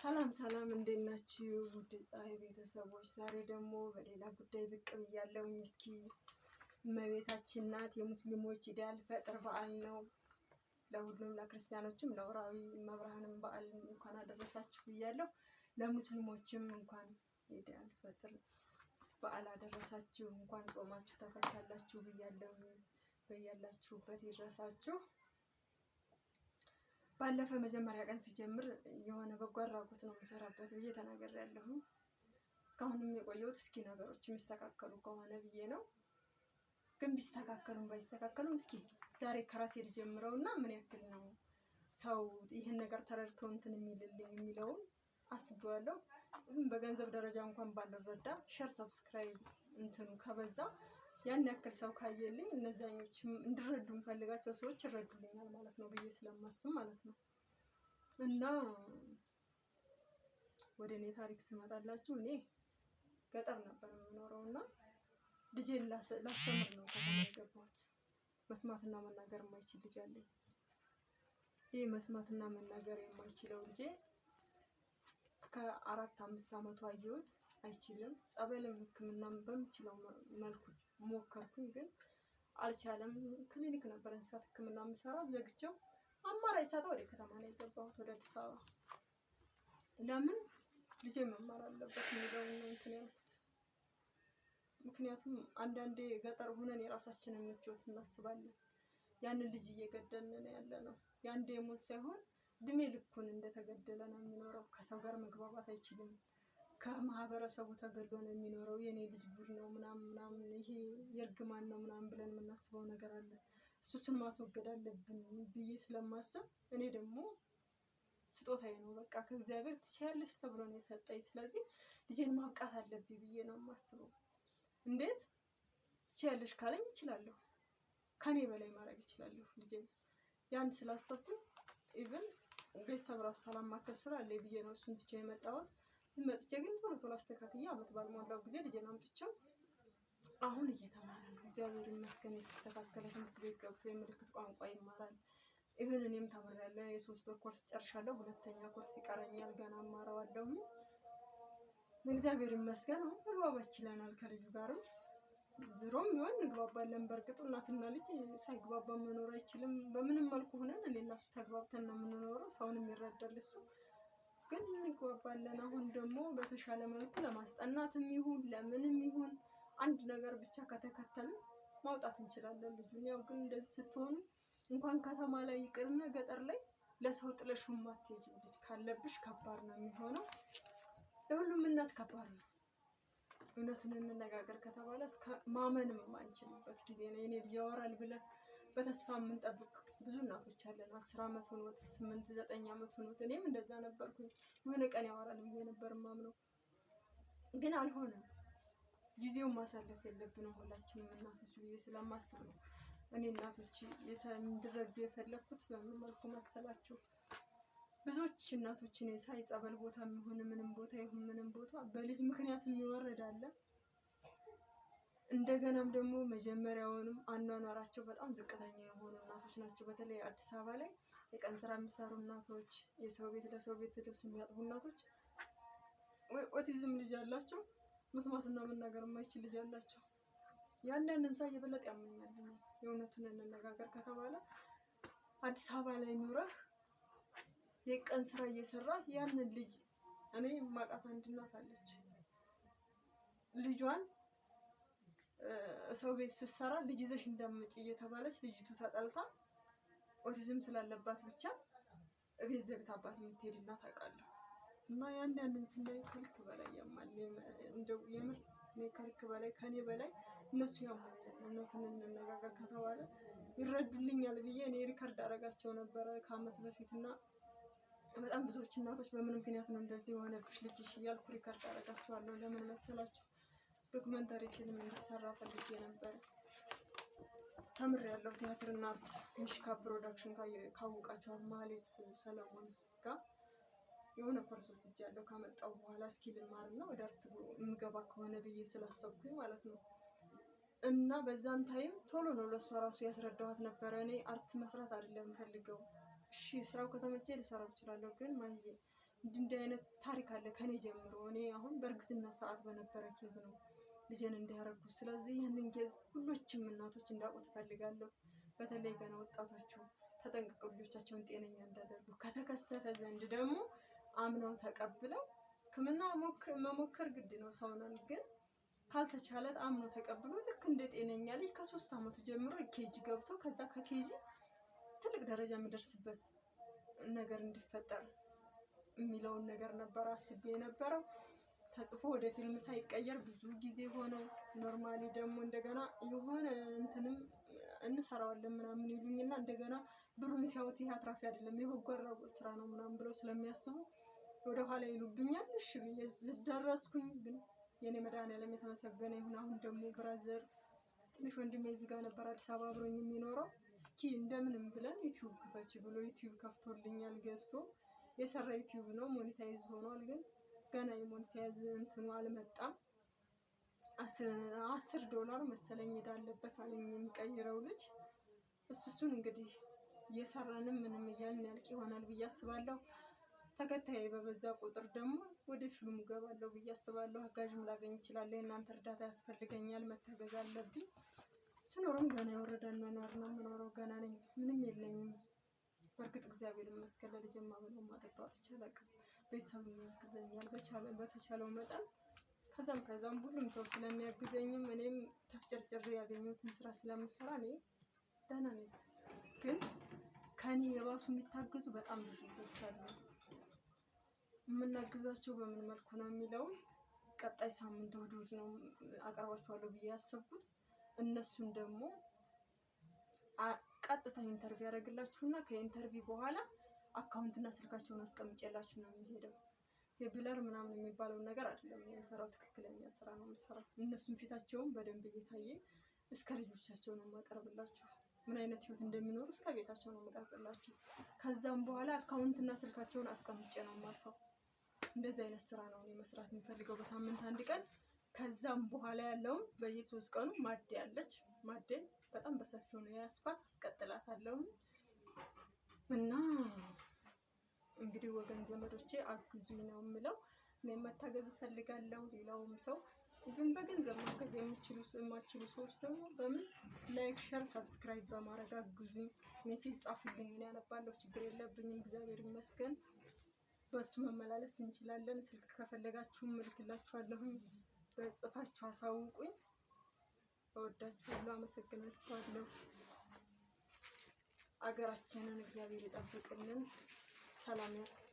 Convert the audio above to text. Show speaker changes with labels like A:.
A: ሰላም ሰላም፣ እንዴት ናችሁ ውድ ፀሐይ ቤተሰቦች? ዛሬ ደግሞ በሌላ ጉዳይ ብቅ ብያለሁኝ። እስኪ እመቤታችን ናት። የሙስሊሞች ኢድ ፈጥር በዓል ነው። ለሁሉም ለክርስቲያኖችም ለወርሃዊ መብርሃንም በዓል እንኳን አደረሳችሁ ብያለሁ። ለሙስሊሞችም እንኳን ኢድ ፈጥር በዓል አደረሳችሁ፣ እንኳን ጾማችሁ ተፈታላችሁ ብያለሁ። በያላችሁበት ይድረሳችሁ። ባለፈ መጀመሪያ ቀን ሲጀምር የሆነ በጎ አድራጎት ነው የምሰራበት ብዬ ተናገር ያለሁ እስካሁንም የቆየሁት እስኪ ነገሮች የሚስተካከሉ ከሆነ ብዬ ነው። ግን ቢስተካከሉም ባይስተካከሉም እስኪ ዛሬ ከራሴ ልጀምረው እና ምን ያክል ነው ሰው ይህን ነገር ተረድቶ እንትን የሚልልኝ የሚለውን አስቤዋለሁ። በገንዘብ ደረጃ እንኳን ባልረዳ ሸር፣ ሰብስክራይብ እንትኑ ከበዛ ያን ያክል ሰው ካየልኝ እነዚያኞች እንድረዱ የምፈልጋቸው ሰዎች ይረዱልኛል ማለት ነው ብዬ ስለማስብ ማለት ነው። እና ወደ እኔ ታሪክ ስመጣላችሁ እኔ ገጠር ነበር የምኖረው እና ልጄን ላስተምር ነው ከተማ የገባሁት። መስማትና መናገር የማይችል ልጅ አለኝ። ይህ መስማትና መናገር የማይችለው ልጄ እስከ አራት አምስት ዓመቱ አየሁት። አይችልም። ጸበልም ሕክምናም በምችለው መልኩ ሞከርኩኝ፣ ግን አልቻለም። ክሊኒክ ነበር እንስሳት ሕክምና የምሰራ ዘግቼው፣ አማራጭ ሳጣ ወደ ከተማ ነው የገባሁት፣ ወደ አዲስ አበባ። ለምን ልጄ መማር አለበት የሚለው ነው እንትን ያልኩት። ምክንያቱም አንዳንዴ ገጠር ሆነን የራሳችንን ምቾት እናስባለን። ያንን ልጅ እየገደልን ያለ ነው። የአንዴ ሞት ሳይሆን እድሜ ልኩን እንደተገደለ ነው የሚኖረው። ከሰው ጋር መግባባት አይችልም። ከማህበረሰቡ ተገልሎ ነው የሚኖረው። የእኔ ልጅ ጉድ ነው ምናምን ምናምን፣ ይሄ የእርግማን ነው ምናምን ብለን የምናስበው ነገር አለ። እሱ እሱን ማስወገድ አለብን ብዬ ስለማስብ እኔ ደግሞ ስጦታዬ ነው በቃ ከእግዚአብሔር ትችያለሽ ተብሎ ነው የሰጠኝ። ስለዚህ ልጄን ማብቃት አለብኝ ብዬ ነው የማስበው። እንዴት ትችያለሽ ካለኝ እችላለሁ፣ ከኔ በላይ ማድረግ እችላለሁ ልጄን። ያን ስላሰብኩኝ ኢቭን ቤተሰብ ራሱ ሰላም ማከል ስላለ አለ ብዬ ነው እሱን ትቼ የመጣሁት። መጥቼ ግን ቶሎ ቶሎ አስተካክዬ አመት ባልሞላው ጊዜ ልጄን አምጥቼው አሁን እየተማረ ነው። እግዚአብሔር ይመስገን የተስተካከለ ትምህርት ቤት ገብቶ የምልክት ቋንቋ ይማራል። ኢቨን እኔም ተምሬያለሁ። የሶስት ወር ኮርስ ጨርሻለሁ። ሁለተኛ ኮርስ ይቀረኛል። ገና እማረዋለሁ። እግዚአብሔር ይመስገን አሁን መግባባት ችለናል። ከልጁ ጋርም ድሮም ቢሆን እንግባባለን። በእርግጥ እናትና ልጅ ሳይግባባ መኖር አይችልም። በምንም መልኩ ሆነን እኔ እና እሱ ተግባብተን ነው የምንኖረው። ሰውን ይረዳል እሱ እንግባባለን። አሁን ደግሞ በተሻለ መልኩ ለማስጠናትም ይሁን ለምንም ይሁን አንድ ነገር ብቻ ከተከተልን ማውጣት እንችላለን ልጁን። ያው ግን እንደዚህ ስትሆኑ እንኳን ከተማ ላይ ይቅርና ገጠር ላይ ለሰው ጥለሽ ማትሄጂ ልጅ ካለብሽ ከባድ ነው የሚሆነው። ለሁሉም እናት ከባድ ነው። እውነቱን እንነጋገር ከተባለ እስከ ማመንም የማንችልበት ጊዜ ነው። የኔ ልጅ ያወራል ብለህ በተስፋ የምንጠብቅ ብዙ እናቶች አለን። አስር ዓመት ሆኖት ስምንት ዘጠኝ ዓመት ሆኖት እኔም እንደዛ ነበርኩኝ። የሆነ ቀን ያወራል ብዬ ነበር ማምነው፣ ግን አልሆነም። ጊዜውን ማሳለፍ የለብንም ሁላችንም እናቶች ብዬ ስለማስብ ነው እኔ እናቶች እንድረዱ የፈለግኩት። በምን መልኩ መሰላችሁ? ብዙዎች እኔ ሳይ ጸበል ቦታ የሚሆን ምንም ቦታ ይሁን ምንም ቦታ በልጅ ምክንያት የሚወረድ አለ እንደገናም ደግሞ መጀመሪያውንም አኗኗራቸው በጣም ዝቅተኛ የሆኑ እናቶች ናቸው። በተለይ አዲስ አበባ ላይ የቀን ስራ የሚሰሩ እናቶች፣ የሰው ቤት ለሰው ቤት ልብስ የሚያጥቡ እናቶች፣ ኦቲዝም ልጅ ያላቸው መስማትና መናገር የማይችል ልጅ ያላቸው ያንን እንሳ እየበለጥ ያመኛል። የእውነቱን እንነጋገር ከተባለ አዲስ አበባ ላይ ኑረህ የቀን ስራ እየሰራ ያንን ልጅ እኔ ማቃት አንድ እናት አለች ልጇን ሰው ቤት ስትሰራ ልጅ ይዘሽ እየተባለች ልጅቱ ተጠልታ ኦቲዝም ስላለባት ብቻ እቤት ዘግታባት የምትሄድ እናት አውቃለሁ። እና ያንዳንድን ስናይ ከልክ በላይ ያማል። እንደው የምር እኔ ከልክ በላይ ከኔ በላይ እነሱ ያማኛል። እውነቱን እንነጋገር ከተባለ ይረዱልኛል ብዬ እኔ ሪከርድ አረጋቸው ነበረ ከአመት በፊት እና በጣም ብዙዎች እናቶች በምን ምክንያት ነው እንደዚህ የሆነብሽ ልጅሽ እያልኩ ሪከርድ አረጋቸዋለሁ። ለምን መሰላችሁ? ዶክመንታሪ ፊልም እንዲሰራ ፈልጌ ነበር። ተምር ያለው ቲያትር አርት ሚሽካ ፕሮዳክሽን ካወቃችኋት ማህሌት ሰለሞን ጋር የሆነ ኮርስ እጅ ያለው ካመጣው በኋላ እስኪ ልማር ወደ አርት የምገባ ከሆነ ብዬ ስላሰብኩኝ ማለት ነው። እና በዛን ታይም ቶሎ ነው ለእሷ ራሱ ያስረዳኋት ነበረ። እኔ አርት መስራት አይደለም ፈልገው፣ እሺ ስራው ከተመቼ ልሰራው እችላለሁ፣ ግን ማየ እንዲህ አይነት ታሪክ አለ ከኔ ጀምሮ። እኔ አሁን በእርግዝና ሰዓት በነበረ ኬዝ ነው ልጄን እንዲያረኩ። ስለዚህ ይህንን ኬዝ ሁሎችም እናቶች እንዳውቁት እፈልጋለሁ። በተለይ ገና ወጣቶቹ ተጠንቅቀው ልጆቻቸውን ጤነኛ እንዳደርጉ ከተከሰተ ዘንድ ደግሞ አምነው ተቀብለው ሕክምና መሞከር ግድ ነው። ሰውነን ግን ካልተቻለ አምኖ ተቀብሎ ልክ እንደ ጤነኛ ልጅ ከሶስት ዓመቱ ጀምሮ ኬጂ ገብቶ ከዛ ከኬጂ ትልቅ ደረጃ የሚደርስበት ነገር እንዲፈጠር የሚለውን ነገር ነበር አስቤ የነበረው። ተጽፎ ወደ ፊልም ሳይቀየር ብዙ ጊዜ ሆነው ኖርማሊ ደግሞ እንደገና የሆነ እንትንም እንሰራዋለን ምናምን ይሉኝና እንደገና ብሩን ሲያዩት ይህ አትራፊ አይደለም የበጎ ስራ ነው ምናምን ብለው ስለሚያስቡ ወደኋላ ይሉብኛል። እሺ ብዬ ደረስኩኝ። ግን የእኔ መድኃኒዓለም የተመሰገነ ይሁን። አሁን ደግሞ ብራዘር ትንሽ ወንድሜ እዚህ ጋር ነበር አዲስ አበባ አብሮኝ የሚኖረው። እስኪ እንደምንም ብለን ዩቲዩብ ክፈች ብሎ ዩቲዩብ ከፍቶልኛል ገዝቶ የሰራ ዩቲዩብ ነው ሞኔታይዝ ሆኗል ግን ገና የሞኒታይዝ እንትኑ አልመጣም። አስር ዶላር መሰለኝ ሄዳ አለበት አለኝ የሚቀይረው ልጅ። እሱሱን እንግዲህ እየሰራንም ምንም እያልን ያልቅ ይሆናል ብዬ አስባለሁ። ተከታይ በበዛ ቁጥር ደግሞ ወደ ፊልሙ ገባለሁ ብዬ አስባለሁ። አጋዥም ላገኝ እችላለሁ። የእናንተ እርዳታ ያስፈልገኛል፣ መታገዝ አለብኝ። ስኖርም ገና የወረደ መኖር ነው የምኖረው። ገና ነኝ፣ ምንም የለኝም። በእርግጥ እግዚአብሔር ይመስገን ለልጅ ማበለው ማድረግ ቤተሰብ ያግዘኛል በተቻለው መጠን ከዛም ከዛም ሁሉም ሰው ስለሚያግዘኝም እኔም ተፍጨርጭር ያገኘሁትን ስራ ስለምሰራ እኔ ደህና ነኝ። ግን ከእኔ የባሱ የሚታገዙ በጣም ብዙ ልጆች አሉ። የምናግዛቸው በምን መልኩ ነው የሚለውም ቀጣይ ሳምንት እሑድ እሑድ ነው አቀርባቸዋለሁ ብዬ ያሰብኩት። እነሱን ደግሞ ቀጥታ ኢንተርቪው ያደርግላችሁና ከኢንተርቪው በኋላ አካውንትና ስልካቸውን አስቀምጬላችሁ ነው የሚሄደው። የብለር ምናምን የሚባለውን ነገር አይደለም የምሰራው፣ ትክክለኛ ስራ ነው የምሰራው። እነሱን ፊታቸውን በደንብ እየታየ እስከ ልጆቻቸው ነው የማቀርብላችሁ። ምን አይነት ህይወት እንደሚኖሩ እስከ ቤታቸው ነው የምቀርጽላችሁ። ከዛም በኋላ አካውንትና ስልካቸውን አስቀምጬ ነው የማልፈው። እንደዚህ አይነት ስራ ነው እኔ መስራት የሚፈልገው በሳምንት አንድ ቀን። ከዛም በኋላ ያለውን በየሶስት ቀኑ ማዴ አለች። ማዴ በጣም በሰፊው ነው የያዝኳት፣ አስቀጥላታለሁ እና እንግዲህ ወገን ዘመዶቼ አግዙኝ ነው የምለው። እኔም መታገዝ እፈልጋለሁ። ሌላውም ሰው ግን በገንዘብ ማገዝ የምችሉ የማችሉ ሰዎች ደግሞ በምን ላይክ፣ ሸር፣ ሰብስክራይብ በማድረግ አግዙኝ። ሜሴጅ ጻፉልኝ፣ እኔ ያነባለሁ። ችግር የለብኝም። እግዚአብሔር ይመስገን። በእሱ መመላለስ እንችላለን። ስልክ ከፈለጋችሁም እልክላችኋለሁኝ። በጽፋችሁ አሳውቁኝ። እወዳችኋለሁ። አመሰግናችኋለሁ። አገራችንን እግዚአብሔር ይጠብቅልን። à la mer.